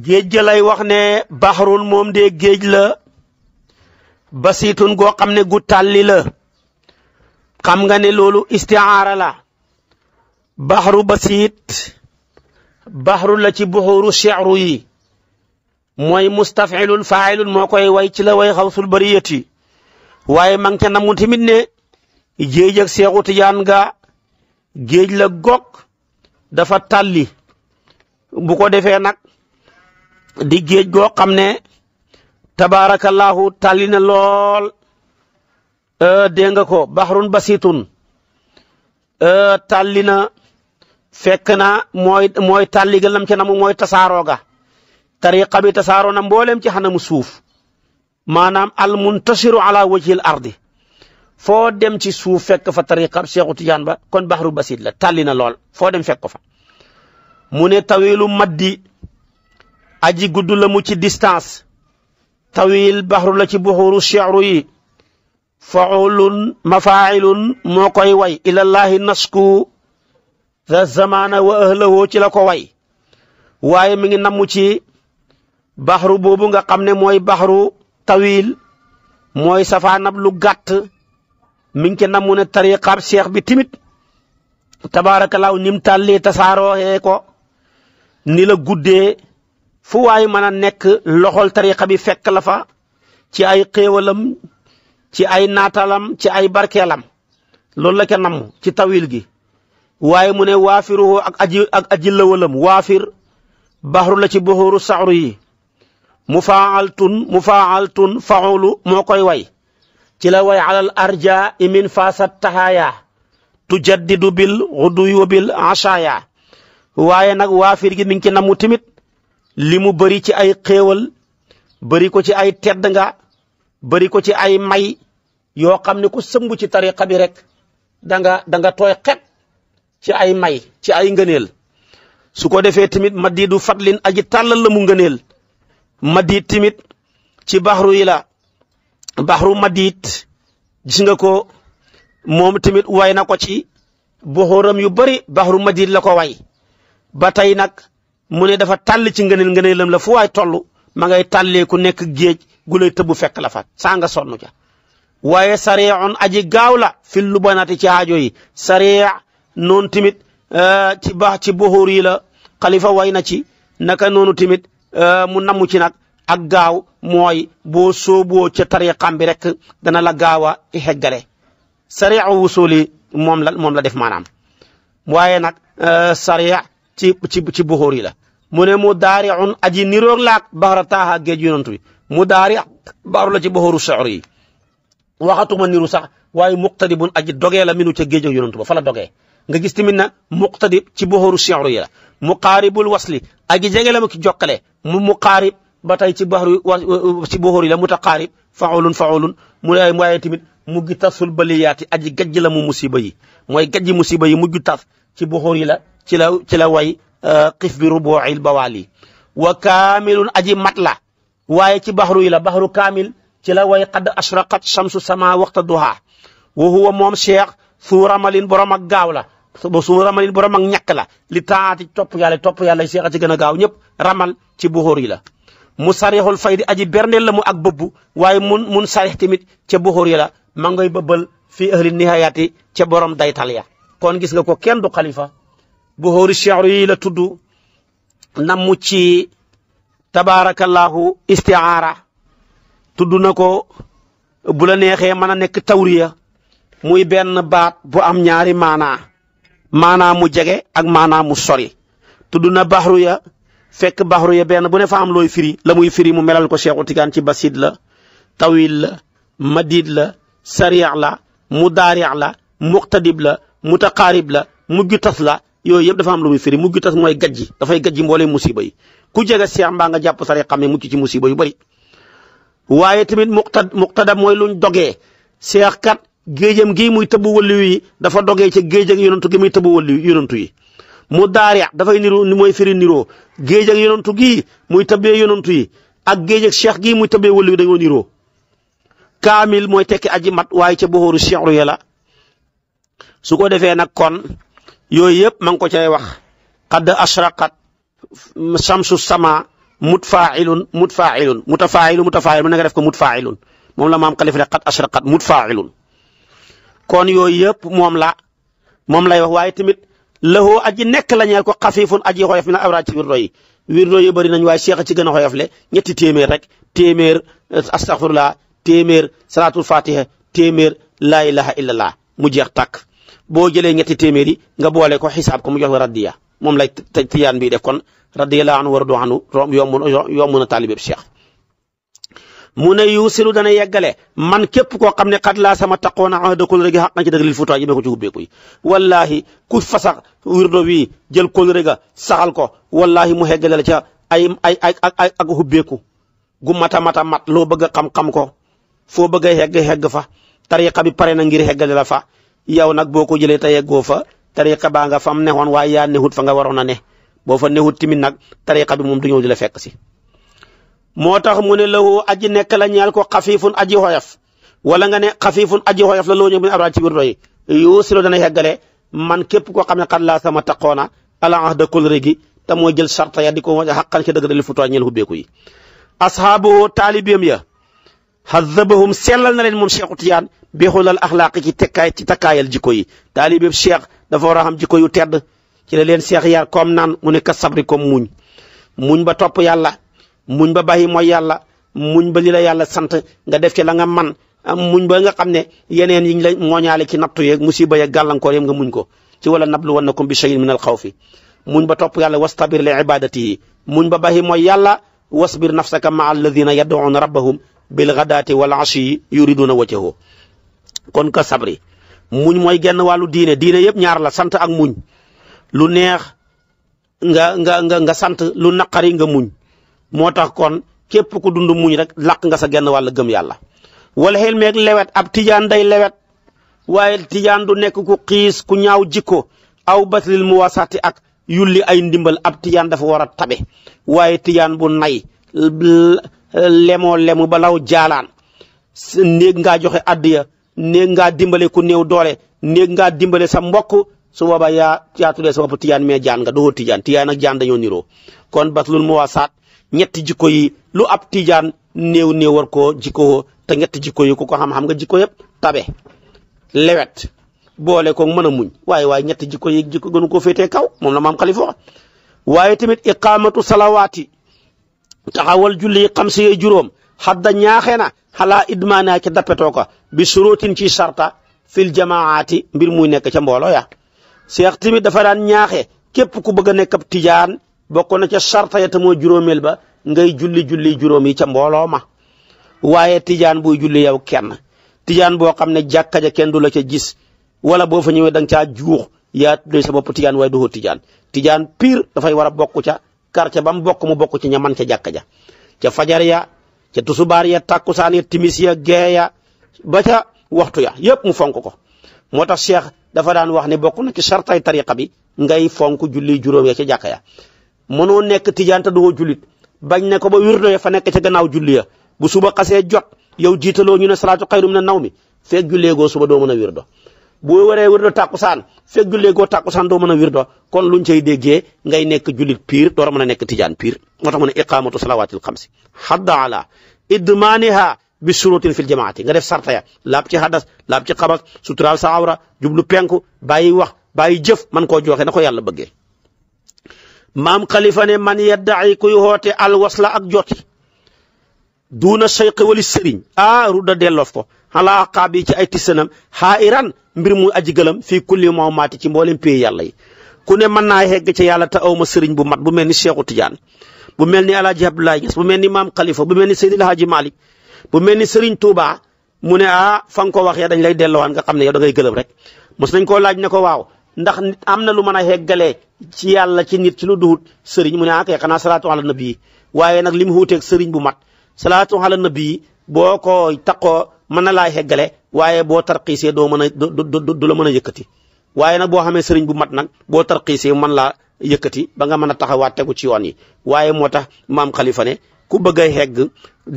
géej ga lay wax ne baxarun moom de géej la basiitun goo xam ne gu tàlli la xam nga ne loolu istiaara la baxaru basiit baxaru la ci buxuuru cheru yi mooy mustafilun failun moo koy way ci la way xawsul bariyati waaye ma ngi ca namu tamit ne géej ak seexu tijaan ga géej la gog dafa tàlli bu ko defee nag di géej goo xam ne tabaarakallaahu tàlli na lool euh, dégg nga ko baxrun basitun euh, tàlli na fekk na mooy mooy tàlli ga lam ca namu mooy tasaaroo ga tariqa bi tasaaroo na mboolem ci mu suuf maanaam al muntasiru ala wajhil ardi foo dem ci suuf fekk fa tariqa Seexu Tijaan ba kon baxru basit la tàlli na lool foo dem fekk ko fa mu ne tawilu maddi aji gudd la mu ci distance tawil baxru la ci buxuru cheru yi faulun mafailun moo koy way ilallahi nasku za zamana wa ahlawoo ci la ko way waaye mi ngi nammu ci baxru boobu nga xam ne mooy baxru tawil mooy safaanab lu gàtt mi ngi ci nammu ne tariqaab seex bi timit tabaarakalaaw nim tàllee tasaarooxee ko ni la guddee fu waay mën a nekk loxol tariqa bi fekk la fa ci ay xéewalam ci ay naatalam ci ay barkeelam loolu la ca namm ci tawil gi waaye mu ne waafiruhu ak aji ak aji waafir baxru la ci buxuru saxru yi mu faaltun mu faaltun faxulu moo koy way ci la way alal arja imin faasat tahaaya tujaddidu bil xuduy wa bil achaaya waaye nag waafir gi mi timit li mu bëri ci ay xéewal bëri ko ci ay tedd nga bëri ko ci ay may yoo xam ne ku sëmbu ci tariqa bi rek danga nga da tooy xet ci ay may ci ay ngëneel su ko defee tamit madiidu fatlin aji tàllal la mu ngëneel madiid tamit ci baxru yi la baxru madiid gis nga ko moom tamit way na ko ci boxooram yu bari baxru madiid la ko way ba tey nag mu ne dafa tàll ci ngëneel ngëneelam la fu waay toll ma ngay tàllee ku nekk géej gu lay tëbb fekk la fa saa nga sonn ca waaye sariicun aji gaaw la fil lubanaati ci aajo yi sariic noonu tamit euh, ci baax ci buxuur yi la xalifa way na ci naka noonu tamit euh, mu namu ci nag ak gaaw mooy boo sooboo ca tariqam bi rek dana la gaaw a xeggale sariicu moom la moom la def maanaam waaye euh, ci ci ci buxóor yi la mu ne mu daari un aji niroog laak baxara taaxa géej yonant mu daari baaru la ci buxóoru soxor yi waxatuma niru sax waaye muqtadibun aji dogee la minu ca géej ak yonantu ba fa dogee nga gis tamit na muqtadib ci buxóoru soxor yi la mu muqaaribul wasli aji jege la ma ki jokkale mu muqaarib ba tey ci baxru ci buxóor yi la mutaqaarib faulun faulun mu waaye tamit mu gi tasul baliyaati aji gajj la mu musiba yi mooy gajj musiba yi mujj tas ci buxur yi la ci la ci la way xif euh, bi rubuil bawaal yi wa kaamilun aji mat la waaye ci baxru yi la baxru kaamil ci la way qad ashraqat shamsu sama waxta duha wa huwa moom cheikh suu ramalin borom ak gaaw la suu ramalin borom ak ñàkk la li taati topp yàlla topp yàlla cheikh a ci gën a gaaw ñëpp ramal ci buxur yi la mu sarixul faydi aji berndeel la mu ak bëbb waaye mun mun sarix tamit ca buxur yi la ma ngay bëbbal fii ahli nihayaati ca borom daytal ya kon gis nga ko kenn du xalifa bu xóori cheru yi la tudd mu ci tabaarakallaahu istiaara tudd na ko bu la neexee mën a nekk tawriya muy benn baat bu am ñaari maanaa maanaa mu jege ak maanaa mu sori tudd na baxru ya fekk baxru ya benn bu ne fa am looy firi la muy firi mu melal ko Cheikhu Tidiane ci basid la tawil la madid la sariya la mudaariya la muqtadib la mu mutaqaarib la mujj tas la yooyu yëpp dafa am lu muy firi mujj tas mooy gajji dafay gajji mboolee musiba yi ku jege seex mbaa nga jàpp sare xam ne mucc ci musiba yu bëri waaye tamit muqta muqtada mooy luñ dogee seex kat géejam gi muy tëbb wëlliw dafa doge ca géej ak yonantu gi muy tëbb wëlliw yonantu yi mu daari dafay niru ni mooy firi niroo géej ak yonantu muy tëbbee yonantu yi ak géej ak seex gii muy tëbbee wëlliw dañoo kaamil mooy tekki aji mat waaye ca boxooru seexru ya la su ko defee nag kon yooyu yëpp ma ngi ko cay wax qad ashraqat samsu sama mut mutfaa'ilun mutfaa'ilun mutafaa'ilun mutafaa'ilun mu nga def ko mutfaa'ilun moom la maam xalifa ne qad ashraqat mutfaa'ilun kon yooyu yëpp moom la moom lay wax waaye tamit lahu aji nekk la ñeel ko xafiifun aji xoyof mi na awraaj ci wirdo yi wirdo yu bëri nañ waaye seex a ci gën a xoyof le ñetti téeméer rek téeméer astaghfirullah téeméer salaatul fatiha téeméer laa ilaha illallah mu jeex tàkk boo jëlee ñetti téeméer yi nga boole ko xisaab ko mu jox la radiya moom lay tijaan bi def kon radiyallahu anhu waradu anhu yomb yomb na taalibeb cheikh mu ne yuusilu dana yeggale man képp koo xam ne xat laa sama taqoona ahda kóllëre gi xaqan ci dëgg lil futaa jëmee ko ci hubbeeku yi wallahi ku fasax wirdo wi jël kóllëre ga saxal ko wallahi mu heggale la ca ay ay ay ak ak hubbeeku gu mata mata mat loo bëgg a xam-xam ko foo bëgg a hegg hegg fa tariqa bi pare na ngir heggale la fa yow nag boo ko jëlee te yeggoo fa tariqa baa nga fam nexoon waaye yaa nexut fa nga waroon a ne boo fa nexut timit nag tariqa bi moom du ñëw di la fekk si moo tax mu ne lahu aji nekk la ñeel ko xafiifun aji xoyof wala nga ne xafiifun aji xoyof la loo ñëw bi ne abraad ci wirdo yi yuusilu dana yeggale man képp koo xam ne xan laa sama taqoona ala ahda kulre gi te mooy jël sarta ya di ko xaqan ci dëgg da li futuwaa ñeel hubbeeku yi ashaabu taalibeem ya xazabahum sellal na leen moom Cheikhu Tijaan bi xulal axlaaqi ci tekkaay ci takkaayal jikko yi taalibeeb Cheikh dafa war a xam jikko yu tedd ci la leen Cheikh yar koom naan mu ne ka sabri comme muñ muñ ba topp yàlla muñ ba bàyyi mooy yàlla muñ ba li la yàlla sant nga def ci la nga man muñ ba nga xam ne yeneen yiñ la mooñaale ci nattu yeeg musiba yeeg gàllankoor yëpp nga muñ ko ci wala nablu wannakum bi shay'in min al xawfi muñ ba topp yàlla wastabir li ibadatihi muñ ba bàyyi mooy yàlla wasbir nafsaka ma alladina yad'una rabbahum bil xadaati wal ashi yuriduna wo kon ka sabri muñ mooy genn wàllu diine diine yëpp ñaar la sant ak muñ lu neex nga nga nga sant lu naqari nga muñ moo tax kon képp ku dund muñ rek làq nga sa genn wàll gëm yàlla wala xel meeg lewet ab tijaan day lewet waaye tijaan du nekk ku xiis ku ñaaw jikko aw baslil mu wasaati ak yulli ay ndimbal ab tijaan dafa war a tabe tijaan bu nay lemoo lemu ba law jaalaan néeg ngaa joxe addiya néeg ngaa dimbale ku néew doole néeg ngaa dimbale sa mbokk su boobaa yaa yaa tuddee sa bopp tijaan mais jaan nga doo tijaan tijaan ak jaan dañoo niroo kon baslul ñetti jikko yi lu ab tijaan néew néew war koo jikkoo te ñetti jikko yi ko xam-xam nga jikko yëpp tabe lewet boole ko mën a muñ waaye waaye ñetti jikko yi jikko gënu koo féetee kaw moom na maam xalifa waaye tamit iqaamatu salawaati taxawal julli xamsa yee juróom xadda ñaaxee na xalaa idmaanaa ca dappetoo ko bi suróotin ci sarta fil jamaati mbir muy nekk ca mboolo ya seex tamit dafa daan ñaaxe képp ku bëgg a nekk ab tijaan bokk na ca sarta ya moo juróomeel ba ngay julli julli juróom yi ca mbooloo ma waaye tijaan buy julli yow kenn tijaan boo xam ne jàkka ja kenn du la ca gis wala boo fa ñëwee dang nga caa juux yaa tuddee sa bopp tijaan waaye du tijaan tijaan pire dafay war a bokk ca quartier ba mu bokk mu bokk ci ña man ca jàkka ja ca fajar ya ca tusubaar ya tàkkusaan ya timis ya gee ba ca waxtu ya yëpp mu fonk ko moo tax cheikh dafa daan wax ne bokk na ci sartay tariqa bi ngay fonk julli juróom ya ca jàkka ya mënoo nekk tijaan te doo jullit bañ ne ko ba wirdo ya fa nekk ca gannaaw julli ya bu suba kasee jot yow jiitaloo ñu ne salaatu xayrum na naw mi feeg julleegoo suba doo mën a wirdo boo waree wirdo tàkkusaan fekk jullee goo tàkkusaan doo mën a wirdo kon luñ cay déggee ngay nekk jullit piir door a mën a nekk tijaan piir moo tax mu ne iqaamatu salawaatil xamsi xadda ala idmaaniha bi surutin fil jamaati nga def sarta ya laab ci hadas laab ci xabas suturaal sa awra jublu penku bàyyi wax bàyyi jëf man koo jooxe na ko yàlla bëggee maam xalifa ne man yaddaci kuy hoote alwasla ak joti duuna cheyqi wali sëriñ ah rudda delloof ko xalaa xaab yi ci ay tisanam xaa iran mbir mu aji gëlam fii kulli moo ci mboolem pay yàlla yi ku ne mën naa yegg ci yàlla ta aw ma sëriñ bu mat bu mel ni Cheikhu tijaan bu mel ni El Hadj Abdoulaye Niass bu mel ni maam kalifa bu mel ni Seydil Hadji Malick bu mel ni Serigne Touba mu ne fan ah, fa nga ko waxee dañ lay dellowaan nga xam ne yow da ngay gëlëm rek mos nañ koo laaj ne ko waaw ndax am na lu mën a yeggalee ci yàlla ci nit ci lu duhut Serigne mu ne ah kay xanaa salaatu ala waaye nag li mu wuuteeg Serigne bu mat salaatu ala nabi boo ko taqoo mën na laa heggale waaye boo tarxiisee doo mën a la mën a yëkkati waaye nag boo xamee sëriñ bu mat nag boo tarxiisee mën laa yëkkati ba nga mën a taxawaat tegu ci yoon yi waaye moo tax maam xalifa ne ku bëgg a hegg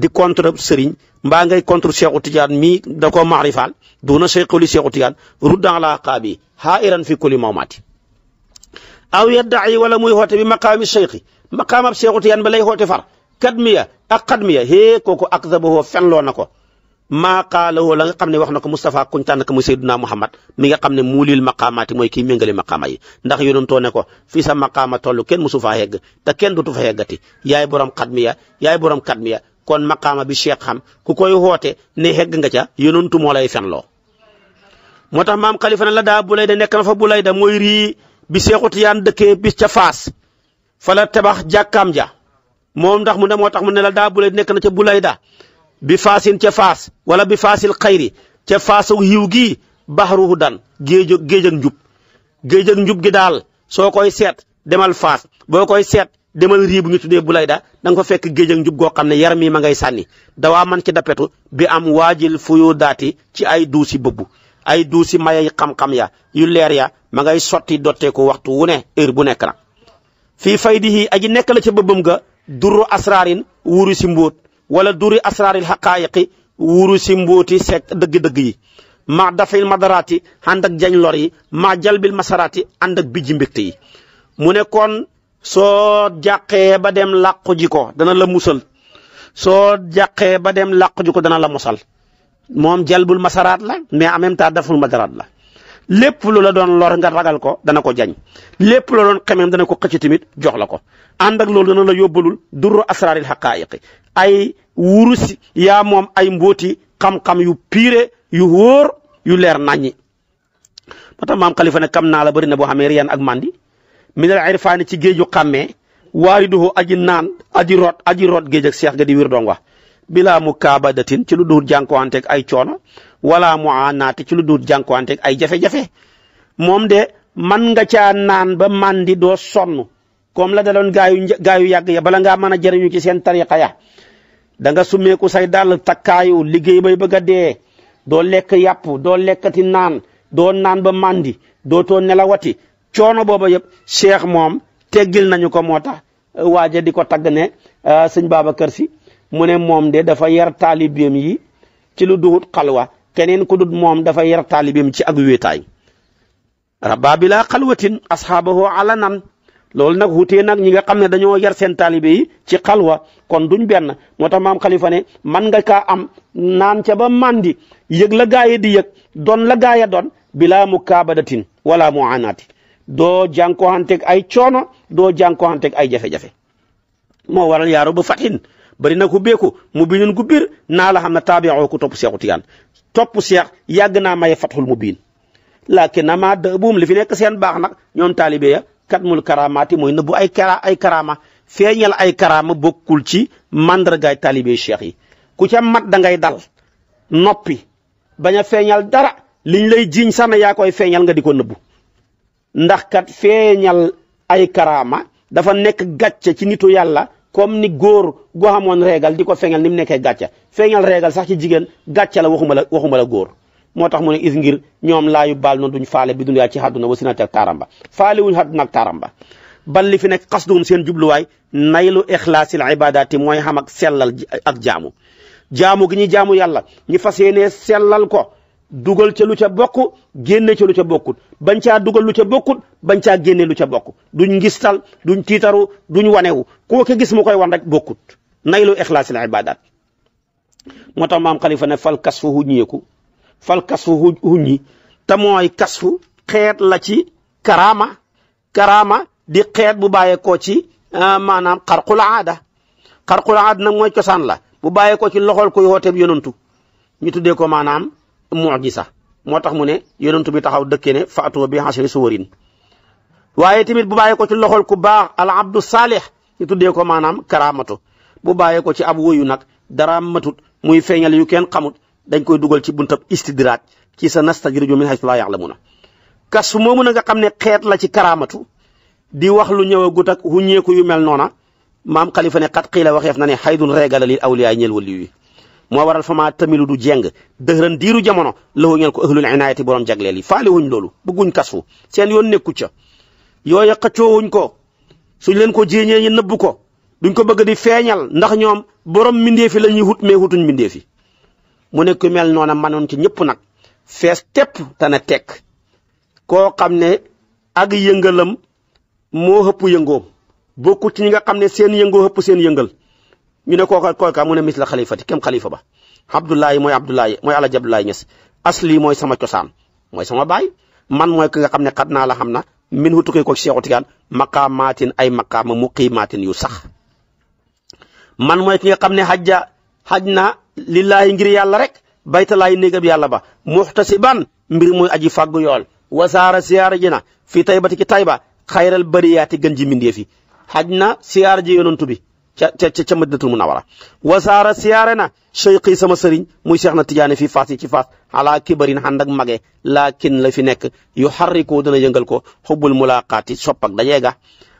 di contre sëriñ mbaa ngay contre Cheikhu Tidiane mii da ko maarifaal duuna cheikhuli Cheikhu Tidiane ruddan ala aqaabi haa'iran fi kulli mawmaati aw yadda'i wala muy xoote bi maqaami cheikhi maqaamab Cheikhu Tidiane ba lay xoote far kadmiya ak xadmiya hee kooku ak zabahoo fenloo na ko maa qaalawoo la nga xam ne wax na ko Moustapha kuñ tànn ko muy Seydina Muhammad mi nga xam ne muulil maqaamaati mooy kii méngale maqaama yi ndax yonentoo ne ko fii sa maqaama toll kenn musu faa yegg te kenn dutu fa yeggati yaay borom xadmiya yaay borom kadmiya kon maqaama bi Cheikh xam ku koy woote ne yegg nga ca yonentu moo lay fenloo moo tax maam Khalifa ne la daa Bulayda nekk na fa Bulayda mooy rii bi Seexu Tijaan dëkkee bis ca Faas fa tabax jàkkaam ja moom ndax mu ne moo tax mu ne la daa bulay nekk na ca bulayda bi faasin ca faas wala bi faasil xayri ca faasu yiw gii baxruhu dan géej géej ak njub géej njub gi daal soo koy seet demal faas boo koy seet demal rii bu ñu tuddee bulayda da nga fa fekk géej ak njub goo xam ne yaram yi ma ngay sànni dawaa man ci dapetu bi am waajil fuyu daati ci ay duusi bëbbu ay duusi may xam-xam ya yu leer ya ma ngay sotti dotteeku waxtu wu ne heure bu nekk na fii faydihi aji nekk la ca bëbbam ga durru asraarin wuru si mbóot wala duri asraaril xaqaayiqi wuru si mbóoti sek dëgg-dëgg yi ma dafil madaraati ànd ak jañ lor ma jalbil masaraati ànd ak bijji mbégte yi mu ne kon soo jàqee ba dem làqu ji ko dana la musal soo jàqee ba dem làqu ji ko dana la musal moom jalbul masaraat la mais en même temps daful madaraat la lépp lu la doon lor nga ragal ko dana ko jañ lépp lu la doon xemem dana ko xëcc tamit jox la ko ànd ak loolu dana la yóbbalul durru asraaril xaqaayiqi ay wurus yaa moom ay mbooti xam yu piire yu wóor yu leer naññi. moo tax maam Khalifa kam naa la bëri na boo xamee riyan ak mandi min ay irfaani ci géeju xàmmee waariduhu aji naan aji root aji root géej ak seex ga di wir don wax bilaa mu kaabadatin ci lu dul jànkuwanteeg ay coono. wala naat ci lu dul jànkuwanteeg ay jafe-jafe moom de man nga caa naan ba màndi doo sonn comme la daloon gaayu gaayu yàgg ya bala ngaa mën a jëriñu ci seen tariqa ya da nga summeeku say dàll takkaayu liggéey bay bëgg a dee doo lekk yàpp doo lekkati naan doo naan ba màndi doo too nelawati coono booba yëpp cheikh moom teggil nañu ko moo tax euh, waaja di ko tagg ne euh, sëñ kër Si mu ne moom de dafa yar taalibeem yi ci lu duhut xalwa keneen ku dut moom dafa yar taalibeem ci ak wéetaay rabba bila xalwatin asxaabahu alanan loolu nag wutee nag ñi nga xam ne dañoo yar seen taalibe ci xalwa kon duñ benn moo tax maam xalifa ne man nga kaa am naan ca ba mandi yëg la gaaya di yëg doon la gaaya doon bilaa mu kaabadatin wala mu anaati doo jànkuwanteeg ay coono doo jànkuwanteeg ay jafe-jafe moo waral yaaru bu fatin bari na ku beeko mu biinun gu bir naa la xam na taabi'oo ku topp seexu tiyaan topp seex yàgg naa maye fatxul mu biin laakin ama dëbuum li fi nekk seen baax nag ñoom taalibe ya katmul karaamaati mooy nëbbu ay kara ay karaama feeñal ay karaama bokkul ci mandargaay taalibe cheikh yi ku ca mat da ngay bañ feeñal dara liñ lay jiiñ sax yaa koy feeñal nga di ko nëbbu ay karaama dafa nekk gàcce ci nitu yàlla comme ni góor goo xamoon régal di ko feeñal ni mu nekkee gàcca feeñal régal sax ci jigéen gàcca la waxuma la waxuma la moo tax mu ne is ngir ñoom laayu baal noonu duñ faale bi dunyaa ci xadduna wa sinati ak taaramba faale wuñ xadduna ak taaramba bal li fi nekk xasduhum seen jubluwaay naylu ixlaasil ibadaati mooy xam ak sellal ak jaamu jaamu gi ñuy jaamu yàlla ñu fas yéenee sellal ko dugal ca lu ca bokk génne ca lu ca bokkut bañ caa dugal lu ca bokkut bañ caa génne lu ca bokk duñ ngistal duñ tiitaru duñ wanewu koo ko gis mu koy wan rek bokkut naylu ixlaasil ibadat moo tax maam xalifa ne fal kasfu huññeeku fal kasfu huññi te mooy kasfu xeet la ci karama karaama di xeet bu bàyyeekoo ci ah, maanaam xarqul aada xarqul aada nag mooy cosaan la bu bàyyeekoo ci loxol koy wooteeb yonantu ñu tuddee ko maanaam mucjisa moo tax mu ne yonent bi taxaw dëkkee ne faatu bi xasri suwarin waaye tamit bu bàyyee ko ci loxol ku baax al abdu saalih ñu tuddee ko maanaam karaamatu bu bàyyee ko ci ab woyu nag dara matut muy feeñal yu kenn xamut dañ koy dugal ci buntab istidraaj ci sa nasta nastajridu min haysu laa na kas moomu na nga xam ne xeet la ci karaamatu di wax lu ñëwagut ak huñeeku yu mel noona maam xalifa ne xat xii la waxeef na ne xaydun reegala lil awliyaay ñeel moo waral fa maa du jeng dëxëran diiru jamono lahu ñeen ko ahlul inaayati borom jagleel yi faale wuñ loolu bëgguñ kasfu seen yoon nekku ca yooya xëccoowuñ ko suñ leen ko jéeñee ñi nëbb ko duñ ko bëgg di feeñal ndax ñoom borom mbindeefi la ñuy hut mais hutuñ mbindeefi mu nekk ku mel noona manoon ci ñëpp nag fees tepp tana tekk koo xam ne ak yëngalam moo hëpp yëngoom bokkut ci ñi nga xam ne seen yëngoo hëpp seen yëngal ñu ne kooka kooka mu ne misla xalifati kem xalifa ba Abdoulaye mooy Abdoulaye mooy Alaaji Abdoulaye Ñas asli mooy sama cosaan mooy sama baay man mooy ki nga xam ne xat naa la xam na min hu tukkee ko Seexu Tijaan maqaamaatin ay maqaama muqiimaatin yu sax man mooy ki nga xam ne xajja xaj na lillaahi ngir yàlla rek baytalaay néegab yàlla ba si ban mbir muy aji fag yool wasaara siyaara ji na fii taybati ci tayba xayral bariyaati gën ji mbindee fi xaj na siyaara ji yonantu bi ca ca ma ca madinatul munawara wasaara siyaare na cheyqi sama sëriñ muy Cheikh na Tidiane fii Fass yi ci Fass ala kibarin xànd ak mage laakin la fi nekk yu xarrikoo dana yëngal ko xubbul mulaqaati sopp ak dajee ga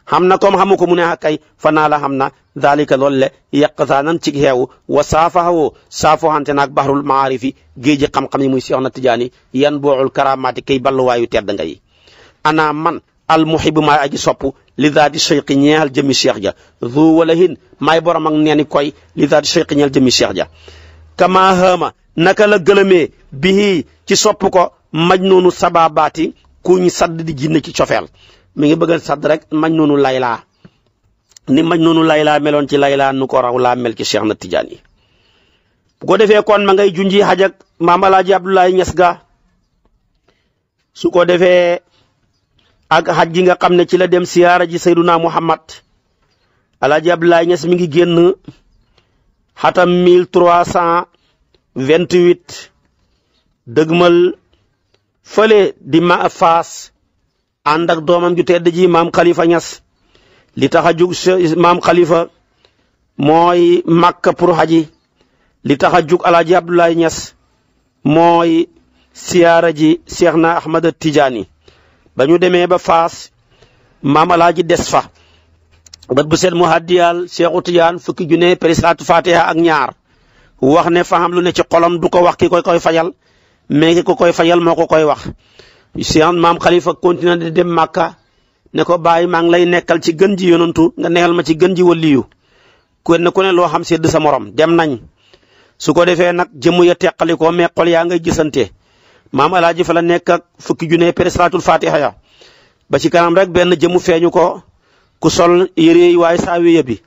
xam kom comme xamu ko mu ne ah kay fanaa la xam na daalika loolu le yaqzaanan ci xeew wa saafaxawoo saafoo xante naag baxrul maarifi géeji xam-xam yi muy Cheikh na Tidiane yan boocul karamaati kay balluwaayu tedd nga yi ana man al muhib maay aji sopp li zaati cheyqi ñeel jëmi cheikh ja zu wala hin maay borom ak koy li zaati cheyqi ñeel jëmi cheikh ja kama hama naka la gëlëmee bihi ci sopp ko maj noonu sababaati kuñ sadd di jinne ci cofeel mi ngi bëgg a rek maj noonu laylaa ni maj noonu laylaa meloon ci layla nu ko raw mel ci cheikh na tijaan yi bu ko defee kon ma ngay junji xajak maam alaaji abdoulaye ñes ga su ko defee ak xaj gi nga xam ne ci la dem siyaara ji sayduna muhammad alaaji abdoulaye ñes mi ngi génn xatam mille trois cent vingt huit dëgmal fële di ma faas ànd ak doomam ju tedd ji maam xalifa ñes li tax a jug maam xalifa mooy màkk pour xaji li tax a jug alaaji abdoulaye ñes mooy siyaara ji seex na ahmada tijaani ba ñu demee ba faas maamalaaji des fa bat bu seet mu haddiyal Seexu Tijaan fukki junne pari salaatu fatiha ak ñaar wax ne faham lu ne ci xolam du ko wax ki ko koy fajal mais ki ko koy fajal moo ko koy wax sian maam xalifa continué di dem màkka ne ko bàyyi maa ngi lay nekkal ci gën ji yonantu nga nekkal ma ci gën ji waliyu na ku ne loo xam sedd sa moroom dem nañ su ko defee nag jëmm ya teqali ko mais xol yaa ngay gisante maam alaaji fa la nekk ak fukki junne pere salaatul fatiha ya ba ci kanam rek benn jëmu feeñu ko ku sol yére yi waaye saawiya bi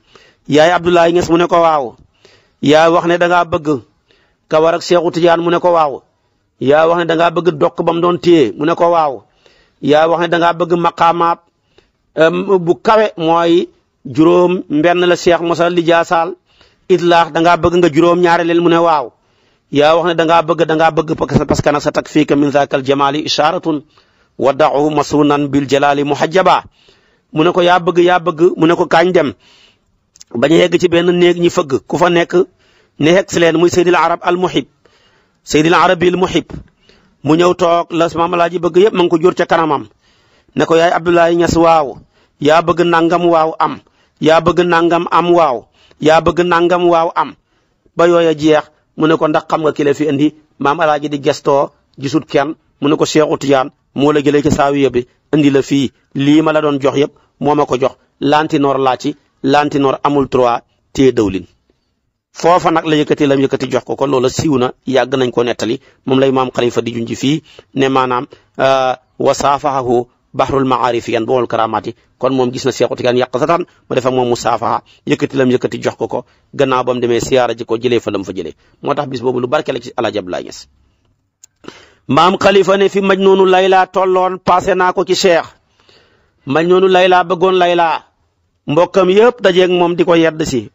yaay Abdoulaye Niass mu ne ko waaw yaa wax ne da ngaa bëgg kawar ak Seexu Tijaan mu ne ko waaw yaa wax ne da ngaa bëgg dokk ba mu doon téye mu ne ko waaw yaa wax ne da ngaa bëgg maqaamaab bu kawe mooy juróom mbenn la Seex Musa li jaasaal idlaax da ngaa bëgg nga juróom ñaare leen mu ne waaw yaa wax ne da ngaa bëgg da ngaa bëgg parce que nag sa takfiika min zaakal jamaali isharatun wa da'u masunan bil jalaali muhajjaba mu ne ko yaa bëgg yaa bëgg mu ne ko kaañ dem bañ a yegg ci benn néeg ñi fëgg ku fa nekk ne hegg muy Seydil Arab al Muhib Seydil Arabi al Muhib mu ñëw toog la sama ji bëgg yëpp ma ko jur ca kanamam ne ko yaay Abdoulaye Niass waaw yaa bëgg nangam waaw am yaa bëgg nangam am waaw yaa bëgg nangam waaw am ba yooya jeex. mu ne ko ndax xam nga ki fi indi maam alaaji di gesto gisut kenn mu ne ko Seexu Tijaan moo la jëlee ci saawiya bi indi la fii lii ma la doon jox yëpp moo ma ko jox lantinoor laa ci lantinoor amul trois téye dawlin foofa nag la yëkkati lam yëkkati jox ko ko loola siiw na yàgg nañ ko nettali moom lay maam fa di ji fii ne maanaam euh, wasaafahahu baxrul maarif yan bool karaamaati kon moom gis na Seexu Tijaan yàq satan mu def ak moom musaafaha yëkkati lam yëkkati jox ko ko gannaaw ba demee siyaara ji ko jëlee fa lam fa jëlee moo tax bis boobu lu barke la ci El Hadj Abdoulaye Niass maam Khalifa ne fi Majnuunu Layla tolloon passé naa ko ci Cheikh Majnuunu Layla bëggoon Layla mbokkam yëpp dajeeg moom di ko yedd si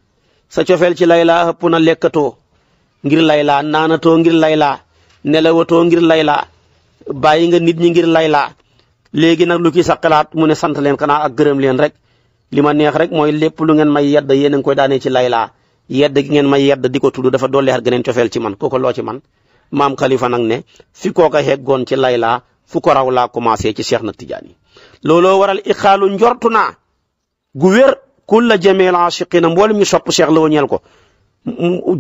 sa cofeel ci Layla ëpp na lekkatoo ngir Layla naanatoo ngir Layla nelawatoo ngir Layla bàyyi nga nit ñi ngir Layla. léegi nag lu kii sa xalaat mu ne sant leen xanaa ak gërëm leen rek li ma neex rek mooy lépp lu ngeen may yedd yéen a ngi koy daanee ci laylaa yedd gi ngeen may yedd diko ko tudd dafa dolli xar geneen cofeel ci man kooku loo ci man maam kalifa nag ne fi kooka goon ci laylaa fu ko raw laa commencé ci seex na Tidiane looloo waral iqaalu njortu naa gu wér kulla jameel aashiqiina mboolem ñu sopp Cheikh la woñeel ko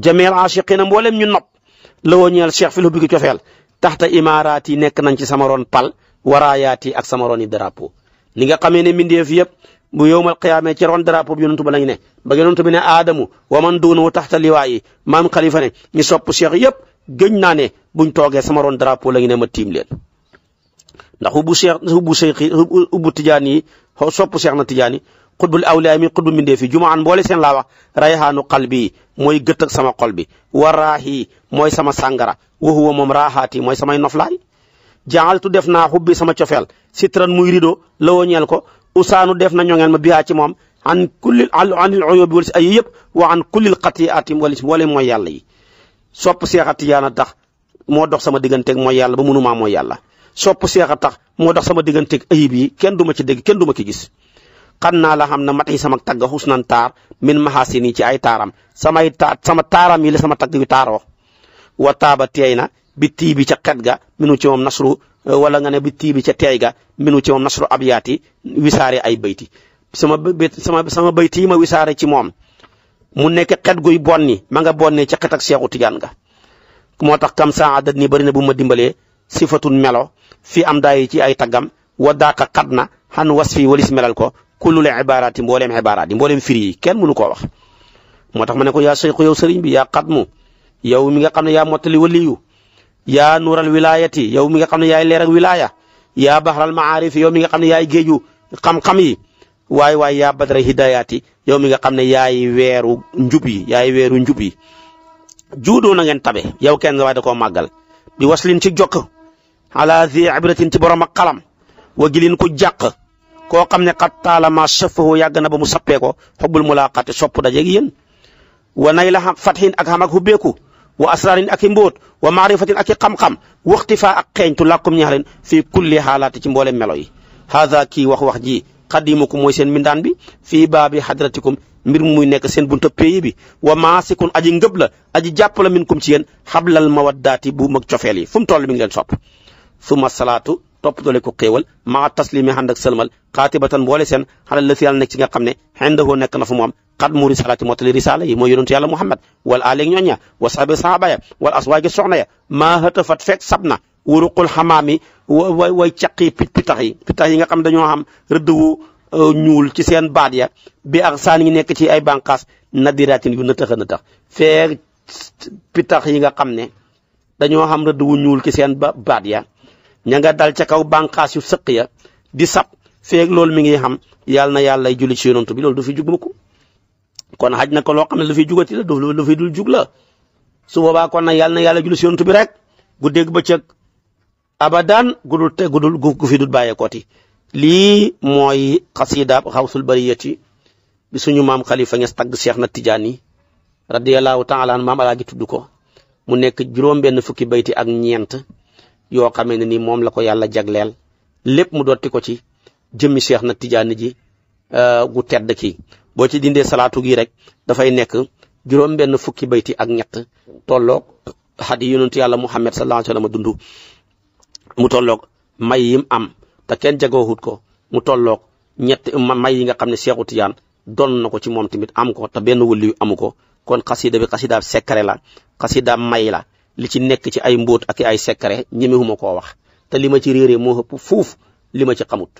jameel aashiqiina mboolem ñu nopp la woñeel Cheikh fi lu cofeel taxta imaaraat yi nekk nañ ci sama roon pal waraayaat yi ak sama ron yi drapeau ni nga xamee ne mbindeef yëpp bu yowmal qiyaame ci ron drapeau bi yonent ba lañ ne ba yonent bi ne aadamu wa man duunahu taxta liwaa yi maam xalifa ne ñu sopp cheikh yëpp gëñ naa ne buñ toogee sama ron drapeau lañ ne ma tiim leen ndax ubbu cheikh ubbu tijaan yi sopp cheikh na tijaan yi xutbul awliyaa mi xutbu mbindee fi jumaan boole seen laa wax rayhaanu qalbi mooy gëtt ak sama xol bi wa raahi mooy sama sangara wa huwa moom raahaati mooy samay noflaay tu def naa xubbi sama cofeel sitran muy rido la woo ñeel ko usaanu def na ñoŋeel ma bihaa ci moom an kulli ay yëpp wa an kullil xatiaati wala wala mooy yàlla yi sopp seexa tiyaana tax moo dox sama digganteeg mooy yàlla ba mënumaa moo yàlla sopp seexa tax moo dox sama digganteeg ayib yi kenn duma ci dégg kenn du ma ci gis xan naa la xam na mat yi sama tagg xusnan taar min maxaasin yi ci ay taaram samay taar sama taaram yi la sama tagg yu taaroo wa taaba teey na bi tii bi ca xet ga minu ci moom nasuru euh, wala nga ne bi tii bi ca teey ga minu ci moom nasru abyaati wisaare ay bayti sama sama sama bayti yi ma wisaare ci moom mu nekk xet guy bonni ma nga bonni ca xet ak seexu tijaan ga moo tax kam saa adat ni bari na bu ma dimbalee sifatun melo fi am daay ci ay taggam wa daaka xat na xan was fii walis melal ko kullul ibaaraati mbooleem ibaaraat yi mbooleem firi yi kenn mënu koo wax moo tax ma ne ko yaa seyku yow sëriñ bi yaa xat mu yow mi nga xam ne yaa mottali waliyu yaa nuural wilaayati yow mi nga xam ne yaay leer ak wilaaya yaa baxral maarif yow mi nga xam ne yaay géeju xam-xam yi waay waay yaa badra hidayaati yow mi nga xam ne yaay weeru njub yi yaay weeru njub yi juudoo na ngeen tabe yow kenn waaye da koo màggal bi waslin ci jokk ala zi ibratin ci borom ak xalam wa gilin ku jàq koo xam ne xat taala ma safahu yàgg na ba mu sappee ko xubbul mulaqati sopp dajeeg yéen wa nay la fatxin ak xam ak hubbeeku wa asraarin ak i mbóot wa maarifatin ak i xam-xam faa ak xeeñtu làkkum ñax leen fii kulli xaalaati ci mboolem melo yi haada kii wax wax ji xadimukum mooy seen mbindaan bi fii baabi hadratikum mbir muy nekk seen bunta péyi bi wa maasikun aji ngëb la aji jàpp la minkum ci yéen xablal mawaddaati bu mag cofeel yi fu mu toll mi ngi leen sopp suma salaatu topp doole ko xéewal maa taslimi ànd ak sëlmal xaatibatan boole seen xalal la fi yàlla nekk ci nga xam ne xendahoo nekk na fu moom xat mu risalaati mottali risaala yi mooy yonentu yàlla Muhammad wal aaleeg ñooña wa saxabi saxaaba ya wal aswaagi soxna ya maa xëtafat fekk sab na wuruqul xamaam yi way way caq yi pit pitax yi pitax yi nga xam dañoo xam rëdd wu euh, ñuul ci seen baat ya bi ak saan yi nekk ci ay bànqaas nadiraatin yu nëtëx a nëtëx yi nga xam ne dañoo xam rëdd wu ñuul ci seen baat ya ña nga dal ca kaw bànqaas yu sëq ya di sab feeg loolu mi ngi xam yàlla na yàlla julli ci yonent bi loolu du fi jug mukk kon xaj na ko loo xam ne lu fiy jugati la lu fiy dul jug su boobaa kon nag na yàlla julli si yonent bi rek guddeeg bëccëg abadan gudul te gudul gu fi dul bàyyeekooti lii mooy xasidaab xawsul bariyati bi suñu maam xalifa nges tagg Cheikh na Tijaani radiyallahu taala an maam alaaji tudd ko mu nekk juróom fukki bayti ak ñeent yoo xamee ne ni moom la ko yàlla jagleel lépp mu dotti ko ci jëmmi Cheikh na Tijaani ji Euh, gu tedd ki boo ci dindee salaatu gi rek dafay nekk juróom benn fukki bayti ak ñett tolloog xadi yonentu yàlla Muhammad sallallahu alayhi wa sallam dund mu tolloog may yim am te kenn jagoohut ko mu tolloog ñett may yi nga xam ne Seexu Tijaan doon na ko ci moom tamit am ko te benn wëliyu amu ko kon xasida bi xasidaab secret la xasidaab may la li ci nekk ci ay mbóot ak ay secret ñemewuma koo wax te li ma ci réeree moo ëpp fuuf li ma ci xamut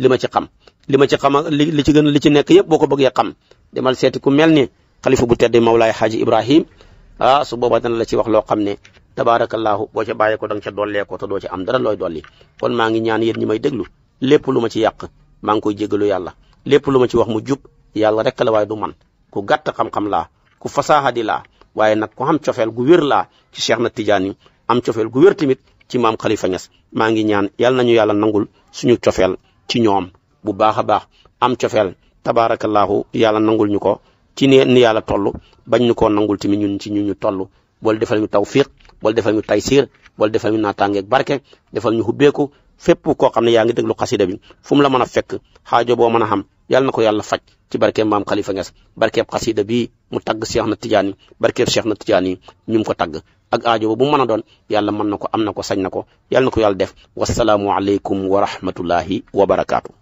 li ma ci xam li ma ci xam ak li li ci gën li ci nekk yëpp boo ko bëggee xam demal seeti ku mel ni kalifa bu tedd Mawlaay Xaaji Ibrahim ah su boobaa dana la ci wax loo xam ne tabaarakallaahu boo ca bàyyee ko da nga ca dollee ko te doo ci am dara looy dolli kon maa ngi ñaan yéen ñi may déglu lépp lu ma ci yàq maa ngi koy jégalu yàlla lépp lu ma ci wax mu jub yàlla rek la waaye du man ku gàtt xam-xam laa ku fasaaxa di laa waaye nag ku am cofeel gu wér laa ci Cheikh na Tidiane am cofeel gu wér tamit ci maam Khalifa Niass maa ngi ñaan yàlla nañu yàlla nangul suñu cofeel ci ñoom bu baax a baax am cofeel tabaarakallaahu yàlla nangul ñu ko ci ne ni yàlla toll bañ ñu koo nangul tamit ñun ci ñu ñu toll bool defal ñu tawfiq bool defal ñu taysiir bool defal ñu naataangeeg barke defal ñu xubbeeku fépp koo xam ne yaa ngi déglu xasida bi fu la mën a fekk xaajo boo a xam yàlla na ko yàlla faj ci barkeeb maam Khalifa Niass barkeeb xasida bi mu tagg Cheikh na Tidiane barkeeb Cheikh na Tidiane ñu mu ko tagg ak aajo bu mu mën a doon yàlla mën na ko am na ko sañ na ko yàlla ko yàlla def wasalaamualeykum wa rahmatullahi wa barakaatu.